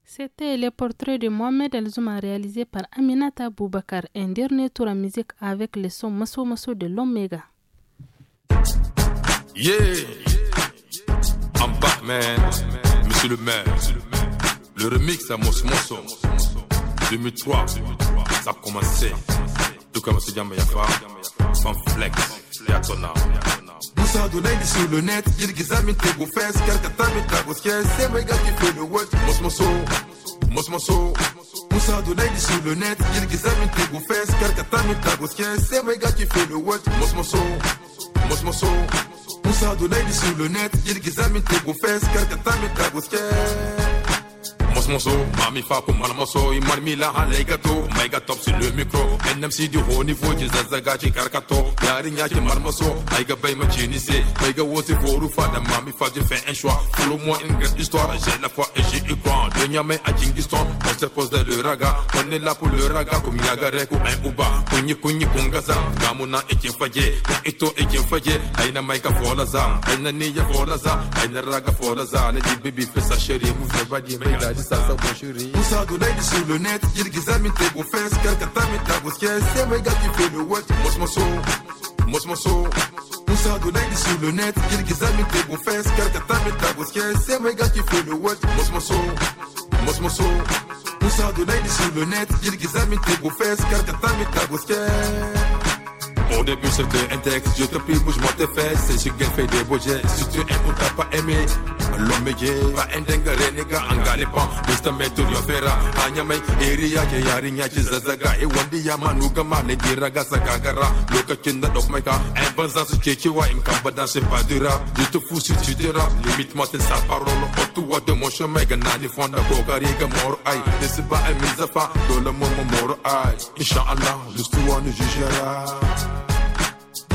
C'était le portrait de Mohamed Elzouma réalisé par Aminata Boubakar. Un dernier tour à musique avec le son Masou Masso de l'Omega. I'm Batman, Monsieur le maire. Le remix à Mos Mosso. 2003, ça a commencé. Tout comme ce gamme Yafa, sans flex, ton âme. Moussa Donaghi sur le net, il gizamine tes beaux fesses, car t'as mis ta grosse caisse, c'est mes gars qui fait le watch. Mos Mosso, Mos Mosso. Moussa Donaghi sur le net, il gizamine tes beaux fesses, car t'as mis ta grosse caisse, c'est mes gars qui fait le watch. Mos Mosso, Mos Mosso. Poussado lady sur le net, il qui tes quelqu'un mis ta grosse morceau Mamifa pour malamasso Il m'a mis la halegato Mega top sur le micro NMC du haut niveau Du zazaga du karkato Yari nya du malamasso Aiga bay ma chinise Mega wose voru fada Mamifa j'ai fait un choix Follow-moi une grande histoire J'ai la foi et j'ai eu grand De Niamey à jingiston, On se pose le raga On est là pour le raga Comme ou un uba Kunyi kunyi kungaza Gamuna et tien faye Ito e et tien faye Aina maika folaza Aina niya folaza Aina raga folaza Ne di baby sa chérie vous badi Mega di sasa boucherie. Moussa Doulaye sur le net, il guise à tes me fesses, quelqu'un t'a oh, oh. mis ta grosse caisse, c'est mes gars qui fait le what, moi je m'en sors, moi je m'en sors. Moussa Doulaye sur le net, il guise à tes gros fesses, quelqu'un t'a mis ta grosse caisse, c'est mes gars qui fait le what, moi je m'en sors, moi je sur le net, il guise tes gros car quelqu'un mis ta au début c'était un texte, je te prie, bouge-moi tes fesses. C'est ce gagne, fait des beaux gestes. Si tu aimes ou t'as pas aimé, l'homme ye. Pas un dingue, renégat, en galipant. Mr. Metur, Yofera, Anyamai, Eria, Yarinya, Chizazaga, et Wandiya, Manugama, Negiraga, Sagagara, Lokachin, Dokmeka, un banzan, ce Chekiwa, une cambada, c'est pas du rap. Je te fous si tu dérapes, limite-moi, c'est sa parole. Autour de mon chemin, Ganani, Fonda, Bogariga, Moro, Aïe, Nesiba, Emizafa, Dola, Momo, Moro, Aïe. Inch'Allah, l'histoire nous jugera.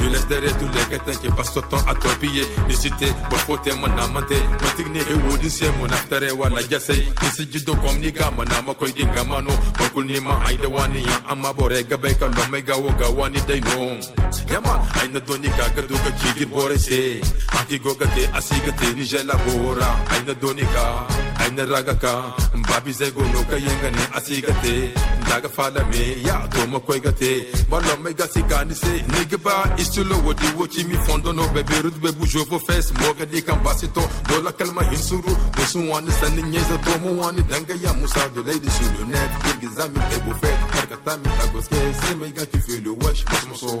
Je laisse derrière tous les crétins qui passent son temps à torpiller. Nisité, bofote, mon amante, mon tigné, et wodinsie, mon aftare, wala jasei. Nisi jido kom niga, na ama koi ginga mano. Mokul nima, aida wani, ya amma bore, gabe ka lomega woga wani daino. Yama, aina doni ka gadu ka jigir bore se. Aki goga te, asiga te, nije la bora, aina doni ka ainaragaka mbaby zay gonoka iaignane asika te daga falame ya tomakoiga te mbalomay gasikany se nigiba isolo wadi woci mifondono beberut be bujovo fes mogadi kambasito dola kalma hinsuru musuwani sani nyeza tomowani danga ya musado lady sulonet girgizami ebofe karkatami tagoske semeiga kifelo wesh mosmoso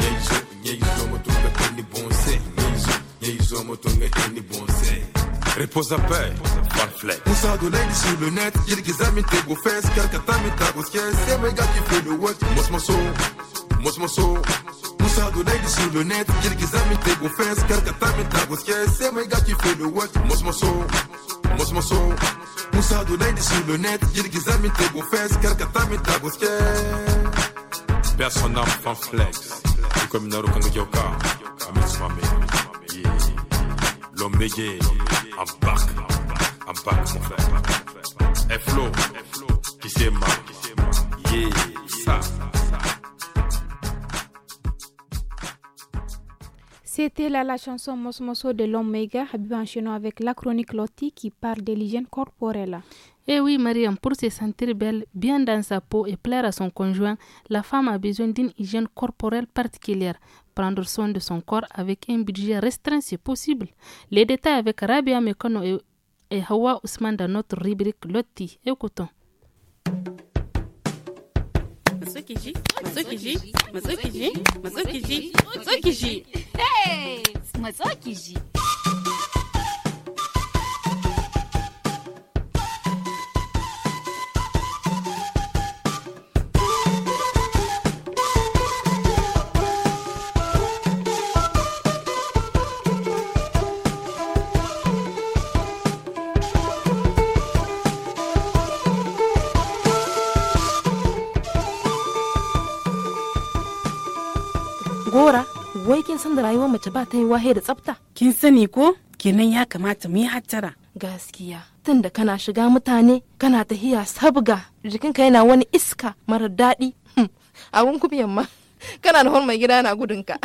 nyeizo nyeizo motunga eni bonse nyeizo nyeizo motunga eni bonse Repose à paix, Farflex. ça, de l'aigle sur le net, Il des amis tes beaux fesses, Calcata met ta grosse caisse, c'est mes gars qui fait le what. Moi ce morceau, moi ce morceau. Moussa de l'aigle sur le net, Il des amis tes beaux fesses, Calcata met ta grosse caisse, c'est mes gars qui fait le what. Moi ce morceau, moi ce morceau. Moussa de l'aigle sur le net, Il des amis tes beaux fesses, Calcata met ta grosse caisse. Personne n'a Farflex, comme Narukango Yoka, Amitsumame. C'était là la chanson Mosmoso de l'Omega, en enchaînant avec la chronique Loti qui parle de l'hygiène corporelle. Eh oui, Mariam, pour se sentir belle, bien dans sa peau et plaire à son conjoint, la femme a besoin d'une hygiène corporelle particulière prendre soin de son corps avec un budget restreint si possible. Les détails avec Rabia Mekono et, Hawa Ousmane dans notre rubrique Lotti. Écoutons. Hey! san da rayuwar mace ba ta yi wahe da tsafta kin sani ko kenan ya kamata mu yi hattara gaskiya tun da kana shiga mutane kana tahiya sabga jikinka yana wani iska marar daɗi hmm, abun kuma ma kana da mai gida yana gudunka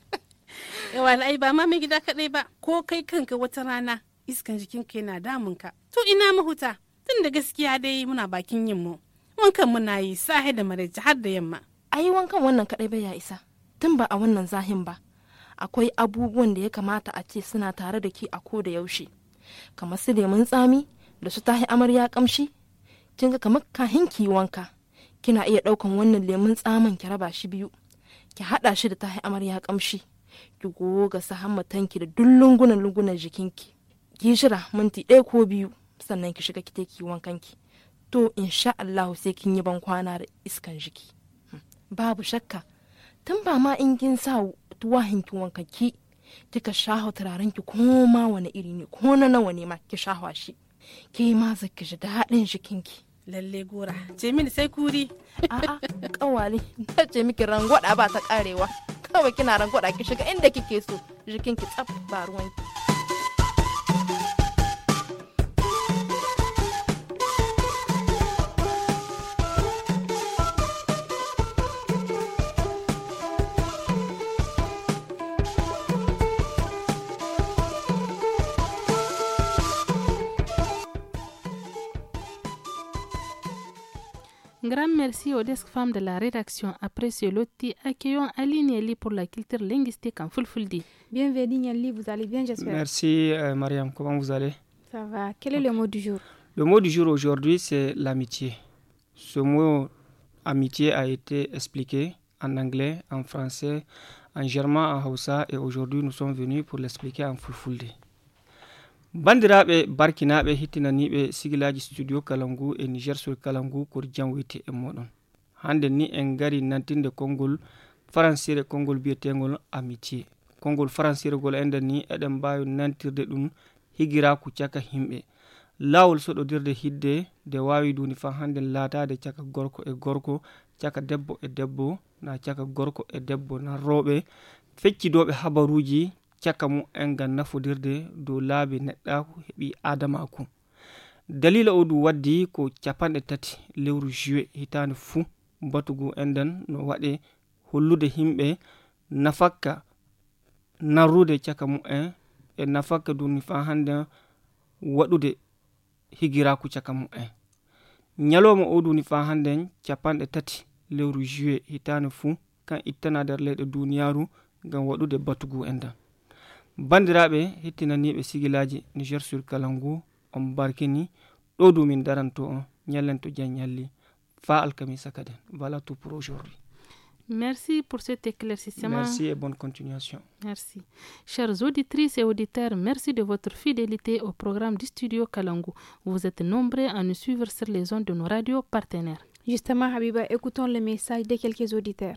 (laughs) yawa ai ba ma mai gida kaɗai ba ko kai kanka wata rana iskan jikinka yana damunka to ina mahuta tun da gaskiya dai muna bakin yin mu wankan muna yi sahi da maraice har da yamma ai wankan wannan kaɗai bai ya isa tun ba a wannan zahin ba akwai abubuwan da ya kamata a ce suna tare da ki a ko da yaushe kamar su lemun tsami da su tahi amarya kamshi kin ga kamar kahin ki wanka kina iya daukan wannan lemun tsamin ki raba shi biyu ki hada shi da tahi amarya kamshi ki goga su hammatanki da duk lungunan lungunan jikinki ki jira minti ɗaya ko biyu sannan ki shiga ki ki wankanki to insha Allah sai kin yi ban kwana da iskan jiki hmm. babu shakka tun ba ma in kin sa tuwahin ki wankaki kika shaho turaren ki ko wani iri ne ko na nawa ne ma ki shaho shi ke ma zaki ji daɗin ki lalle gora ce mini sai kuri a'a kawale ta ce miki rangwada ba ta karewa kawai kina rangwada ki shiga inda kike so jikin ki tsaf ba ruwan ki. Grand merci aux desk femmes de la rédaction. Après ce loti, accueillons Ali Niali pour la culture linguistique en Fulfuldi. Bienvenue Niali, vous allez bien j'espère Merci euh, Mariam, comment vous allez Ça va, quel est le mot du jour Le mot du jour aujourd'hui c'est l'amitié. Ce mot amitié a été expliqué en anglais, en français, en germain, en hausa et aujourd'hui nous sommes venus pour l'expliquer en Fulfuldi. bandiraɓe barkinaɓe hettinaniɓe sigilaji studio kalangu e niger sur kalangu kor jam wite e moɗon hannden ni en gari nantinde konngol faransire konngol biyetegol amitié konngol faransiregol enden ni eɗen mbawi nantirde ɗum higiraku caka himɓe lawol soɗodirde hidde nde wawi duni fa hannden laatade caka gorko e gorko caka debbo e debbo na caka gorko e debbo na rooɓe feccidoɓe habaruji cakka mum en ngam nafodirde dow laabi neɗɗaku heɓi adamaku dalila o du waddi ko capanɗe tati lewru juwet hitande fuu batugu enɗen no waɗe hollude himɓe nafakka narrude cakka mum en e nafakka duni fa hande waɗude higiraku cakka mum en ñalowma o duni fa hande capanɗe tati lewru juwet hitande fuu kan ittana nder leyɗe duniyaru ngam waɗude batugu enɗen voilà tout pour aujourd'hui Merci pour cet éclaircissement. Merci et bonne continuation. Merci. Chers auditrices et auditeurs, merci de votre fidélité au programme du studio Kalangu. Vous êtes nombreux à nous suivre sur les ondes de nos radios partenaires. Justement, Habiba, écoutons le message de quelques auditeurs.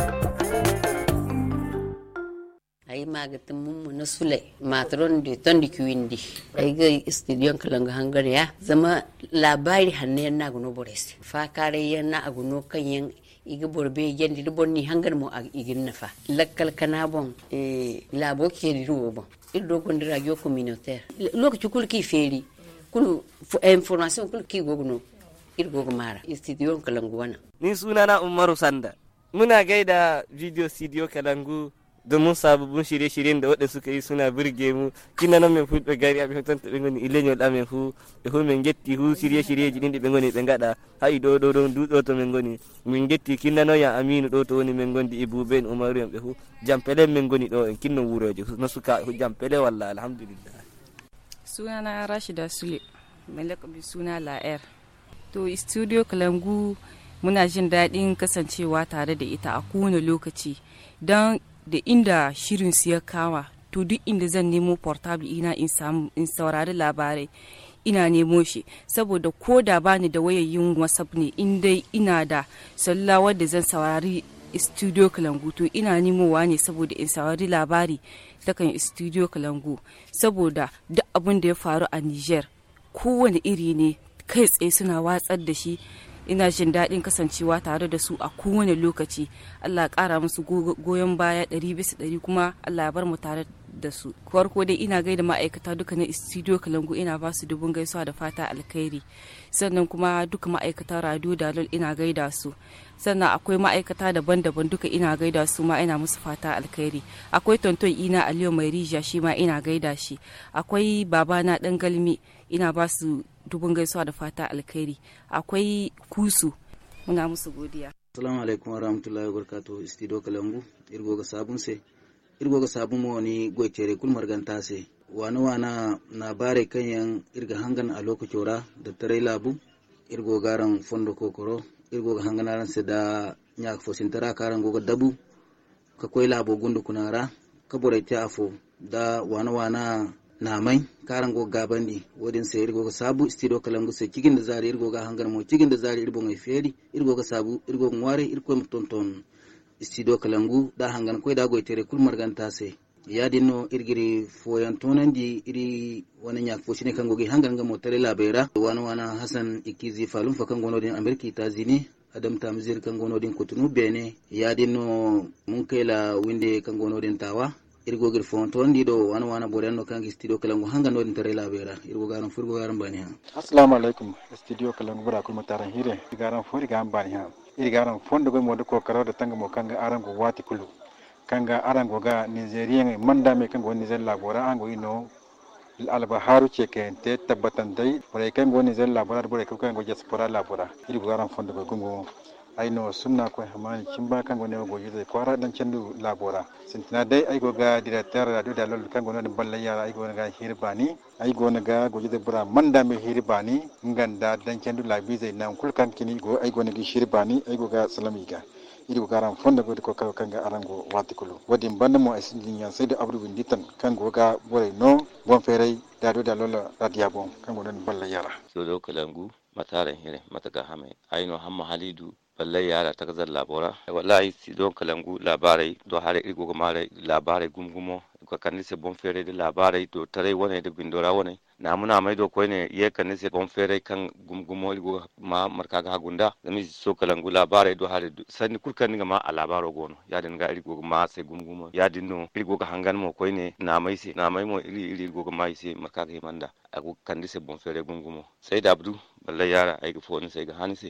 ay magatin mummu na sule matron de ton de kuindi ayi ga studio kalanga hangare ya zama labari hanne na guno bores fa kare yana aguno kan yan iga borbe gendi do bonni hangar mo ag igin nafa lakkal kana bon e labo ke di ruwo bon il do kon yo communautaire lokaci kul ki feri kul information kul ki gogno il gogo mara studio kalangu wana ni sunana umaru sanda muna gaida video studio kalangu domin sababbin shirye-shiryen da waɗanda suka yi suna birge mu kina nan mai fuɗe gari a bisan tabe ngoni ile nyol amen fu da hu min getti hu shirye-shirye jini da ngoni ɓe gaɗa hay do dodon don duɗo to ngoni min getti kinna nan ya aminu ɗo to woni da ibu ibube en umaru en ɓe hu jampele men ngoni ɗo wuro ya wuroje na suka jampele walla alhamdulillah suna na rashida sule mai lakabi suna la'ar to studio kalangu muna jin daɗin kasancewa tare da ita a kowane lokaci don da inda shirin su ya kama to duk inda zan nemo portable ina in samu saurari labarai ina nemo shi saboda ko da bani da wayayin whatsapp ne in dai ina da salula wadda zan saurari studio kalangu to ina nemowa ne saboda in saurari labari ta kan studio kalangu saboda duk abin da ya faru a niger kowane iri ne kai tsaye suna watsar da shi ina jin daɗin kasancewa tare da su a kowane lokaci allah ƙara musu goyon baya ɗari bisa ɗari kuma allah ya bar mu tare da su farko dai ina gaida ma'aikata duka na studio kalangu ina ba su dubun gaisuwa da fata alkhairi sannan kuma duka ma'aikata radio dalol ina gaida su sannan akwai ma'aikata daban-daban duka ina gaida su ma ina musu fata alkhairi akwai tonton ina aliyu mai rija shi ma ina gaida shi akwai babana ɗan galmi ina ba su dubin gaisuwa da fata alkhairi akwai kusu muna musu godiya assalamu alaikum warahmatullahi wabarakatuh istido kalangu irgo ga sabun se irgo ga sabun mo ni goitere kul marganta se wani wana na bare kanyan irga hangan a lokacora da tare labu irgo garan fondo kokoro irgo ga aran se da nyak fosin tara karan goga dabu ka koy labo gundu kunara ka borai ta afo da wana wana na mai karan namai karango gabandi wodin irgo ga sabu studio kalangu sai kigin da zari irgo ga hangar mo kigin da zari irbo mai feri irgo ga sabu irgo ga ware irko mo tonton studio kalangu da hangan koi da goitere kul marganta ya dinno irgiri foyan tonan di iri wani shine kan kangogi hanganga ga motare labera wani wana hasan ikizi falum fa din amérique ta zini adam tamzir din kutunu bene ya dinno mun kai la winde kan gono din tawa irgogel fonton ɗiɗo wana wana boɗenno kanki studio kalangu hanga noɗin tere laɓera irgo garan fo irgo garan bani ha assalamu aleykum studio kalangu ɓuura kulma taran hire garan fo igan bani ha iri garan fonde goye mode ko karode tanga mo kanga arango wati kulu kanga arango ga nigérien mandame kango woni niger labora ango ino alba haru ceken te tabbatan dai ɓuuray kango woni niger labora ɓuuray kango diaspora labora iri garan fonde goye kongo aino sumna ko hamani chimba kango ne go yude kwara dan cendu labora sintina dai ay go ga director radio da lol kango ne balla ya ay go ga hirbani ay go ga go yude bura manda me hirbani nganda dan chendu cendu labize nan kan kini go ay go ne gi hirbani ay go ga salamiga iri garan fonda go ko kango kanga arango wati kulu wadi banda mo ay sindin yan sayda abdu windi tan kango ga bore no bon ferey dado da lola radiya bon kango ne balla ya so do kalangu mataren hire mataga hame aino hamma halidu balle yara ta kazar labora wallahi si don kalangu labarai do hare igo gamare labarai gumgumo ko kanise bon fere de labarai do tare wone de bindora wone na muna mai do koyne ye kanise bon fere kan gumgumo igo ma marka ga gunda zami so kalangu labarai do hare sani kurkan ga ma a labaro gono ya din ga igo ma sai gumgumo ya din no igo ga hangan mo koyne na mai se na mai mo iri iri igo ga mai se marka ga himanda ago kanise bon fere gumgumo sai da abdu balle yara ai ga fo sai ga hanise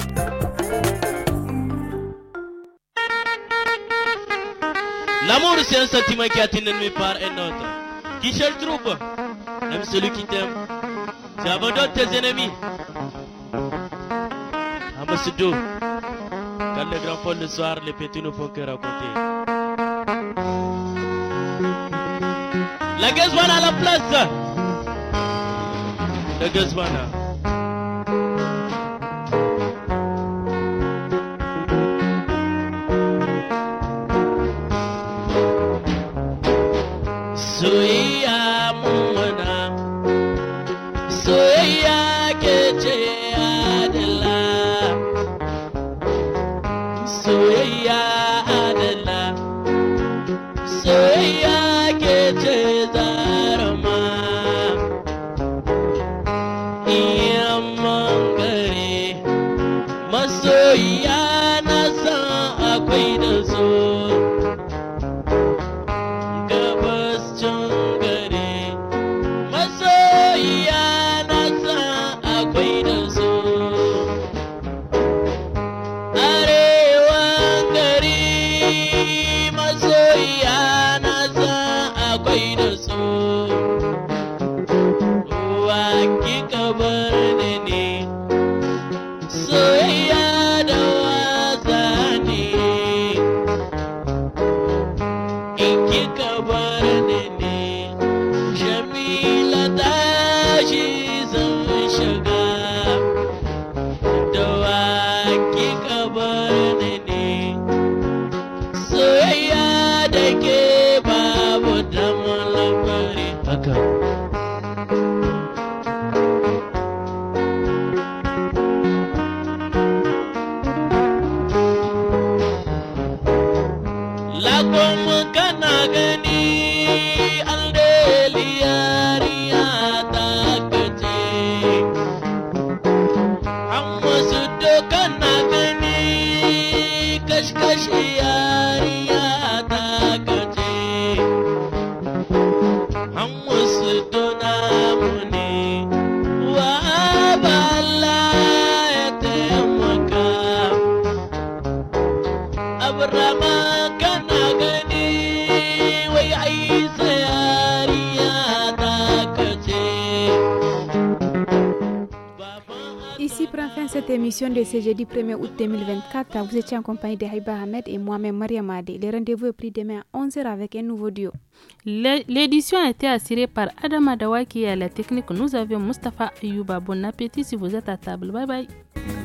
L'amour, c'est un sentiment qui atteint l'ennemi par un autre. Qui cherche trouve Aime celui qui t'aime. Tu abandonnes tes ennemis. Amosudo. quand les grands font le soir, les petits ne font que raconter. La Gazwana à la place. La Gazwana. émission de ce jeudi 1er août 2024. Vous étiez en compagnie de Haïba Ahmed et moi-même Maria Le rendez-vous est pris demain à 11h avec un nouveau duo. L'édition a été assurée par Adam Adawa qui est à la technique. Nous avions Mustapha Ayouba. Bon appétit si vous êtes à table. Bye bye.